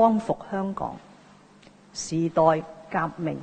光復香港，時代革命。